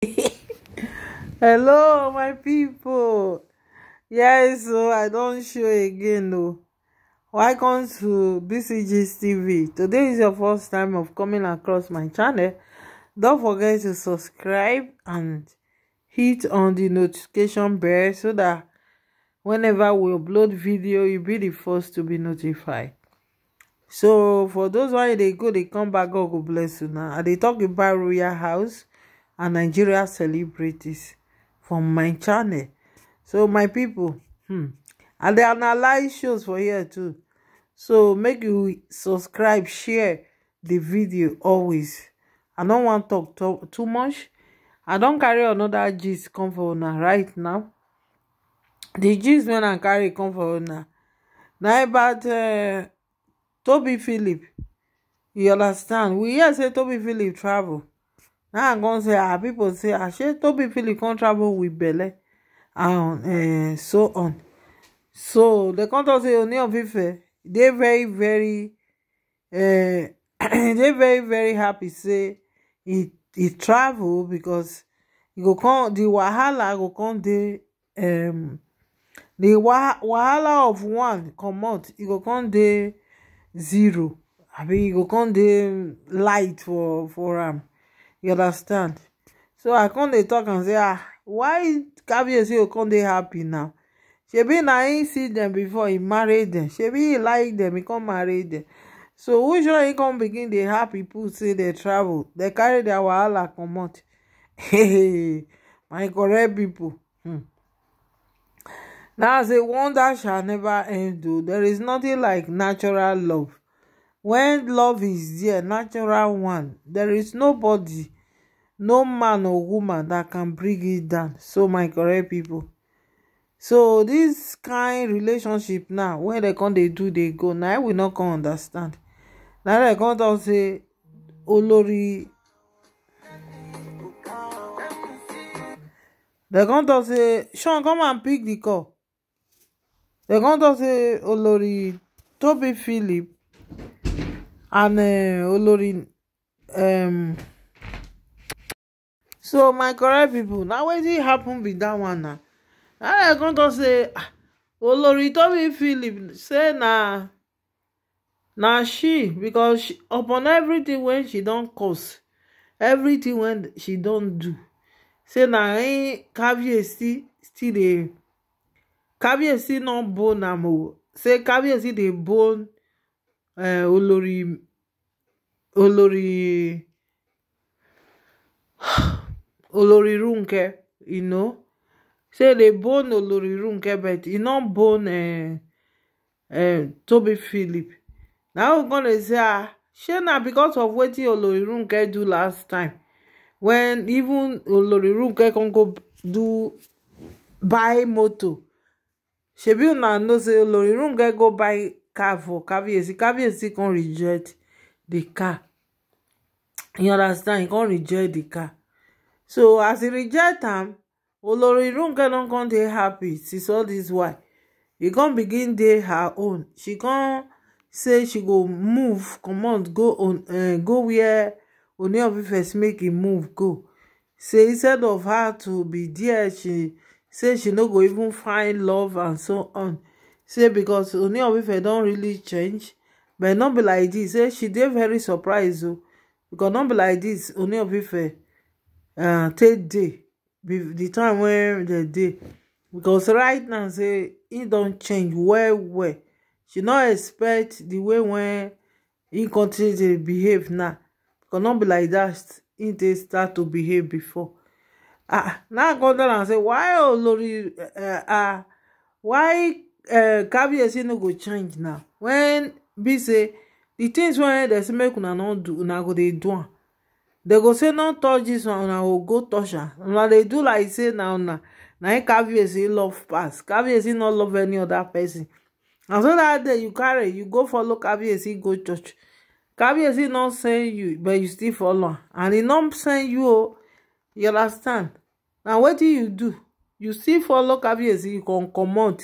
hello my people. yes so i don't show again though. welcome to bcgs tv today is your first time of coming across my channel Don't forget to subscribe and hit on the notification bell so that whenever we upload video you be the first to be notified so for those why they go they come back god will bless you now And they talk about royal house and nigeria celebrities from my channel so my people. hmm i dey analyze shows for here too so make you subscribe share the video always i no wan tok too much i don't carry another gist come for una right now The gist wey i carry come for una na about eh, toby philip you understand we hear say toby philip travel now i come say ah people say I ashe tobi philip come travel with belly, and eh, so on so the come tok say oni of ife dey very very eh, they very very happy say e travel because go becos the wahala go come the um wah wahala of one come out. e go come the zero i mean e go come the light for for um you understand so i can't dey tok am say ah why kabiyesi go can't dey happy now shebi na him see them before he marry dem shebi he like them, he come marry dem so which one he come begin dey happy people, say dey travel they carry their wahala comot hey my correct people. hmm. as a wonder shall never end o there is nothing like natural love when love is there natural one there is nobody no man or woman that can bring it down so my correct people, so this kind relationship now wey they come they do they go Now i will not come understand Now they come to say olori They come to say sean come and pick the call They come to say olori Toby philip and uh, olori um so my correct pipo na wetin happen be dat one ah? na i come talk say ah, olori tobi philip say na na she becos upon everything wey she don cause everything wey she don do say na hin caviar still dey caviar no bone am o say caviar dey bone olori olori olori Ronke you know say dey bone olórí Ronke but e no bone uh, uh, Tobi Philip na we come dey say ah shey na because of wetin olórí Ronke do last time when even olórí Ronke come go do buy motor shebi una know say olórí Ronke go buy car for Kabiyesi Kabiyesi come reject the car you understand he come reject the car so as he reject him, Olori Ronke don come dey happy since all this why he come begin dey her own she come say she go move come on, go on uh, go where Ooni of Ife make e move go say instead of her to be there she say she no go even find love and so on say because oni of ife don really change but no be like this. say she dey very surprised o oh. because no be like dis oni of ife uh, take dey the time wey dem dey because right now say e don change well well she no expect the way wen e continue to behave now because no be like that e dey start to behave before ah now i go tell am say why olori ah why Eh, kabiyesi no go change now When be say di tins wey dem say make una no do una go dey do am dem go say no touch this one una go go touch am una dey do like say na una na im kabiyesi love pass kabiyesi no love any other person. and so dat day you carry you go follow kabiyesi go church kabiyesi no send you but you still follow am and he no send you o you understand na wetin you do you still follow kabiyesi you come comot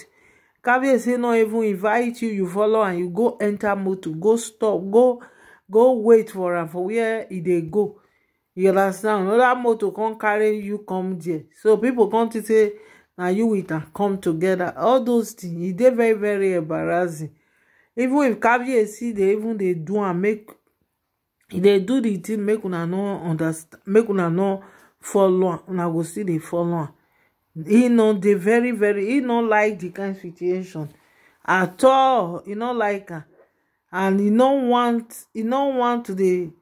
say no even invite you, you follow and you go enter motor, go stop, go go wait for am for where e dey go. You understand? Another motor come carry you come there. So people come to say now you with am come together. All those things e very very embarrassing. Even if see they even they do and make they e do the thing make una no understand, make una no follow am, una go see they follow he no dey very very he no like the kind situation at all He no like am and he no want he want to dey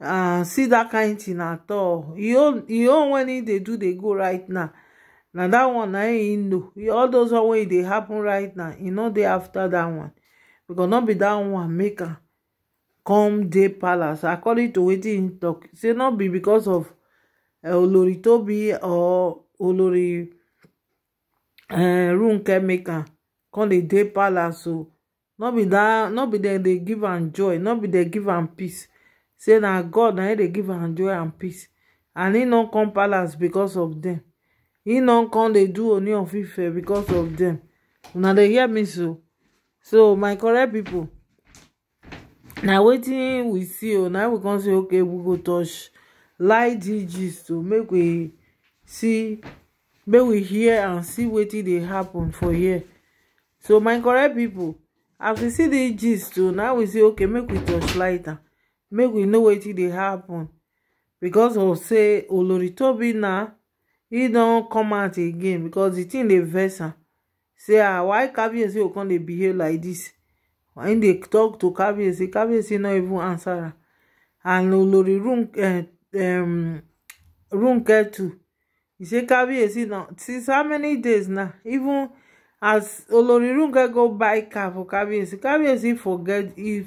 uh, see that kind thing at all he own wen e dey do dey go right now na that one na he know he all those one wey e dey happen right now e no dey after that one because no be that one make am come dey palace according to wetin im tok say no be because of eh, oloritobi or olórí Ronke Maker come dey dey palace o no be dem dey give am joy no be dem give am peace say na god na him dey give am joy and peace and He no come palace because of them. He no come dey do oni of ife becos of them. una dey hear me so so my correct people. na wetin we see o na we come say okay we go touch light gist to make we see make we hear and see wetin dey happen for here so my correct pipo as we see the gist too now we say okay make we touch lighter make we know wetin dey happen becos of say oloritobi na e don come out again becos di tin dey vex am say ah why kabie say come dey behave like dis im dey tok to kabie say kabie say no even answer am and olori runke eh, too he say kabiyesi now since how many days now even as oloriruge go buy car for kabiyesi kabiyesi forget if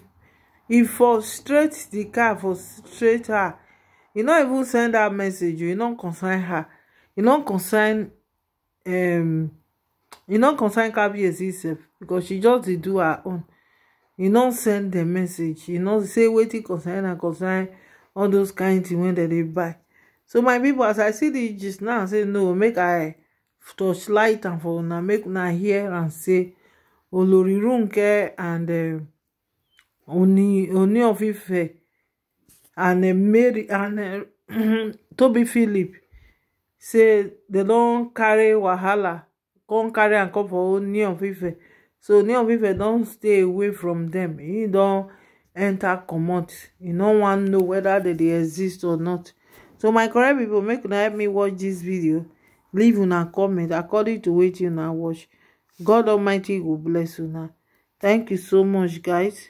he frustrate the car frustrate her He no even send her message He e no concern her He no concern um, He no concern kabiyesi sef because she just dey do her own He no send dem message He no say wetin concern her concern all those kind thing wey dem dey buy so my people, as i see the gist now say no make i touch light and for now make now hear and say Olori Runke and um, oni oni of ife and um, mary and um, toby philip say dem don't carry wahala come carry and come for oni of ife so oni of ife don stay away from them. He don't enter comot e no to know whether they dey exist or not so my correct people, make una help me watch this video leave una comment according to you now watch god almighty will bless you now. thank you so much guys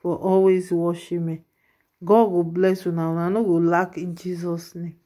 for always watching me god will bless you now. I know go lack in jesus name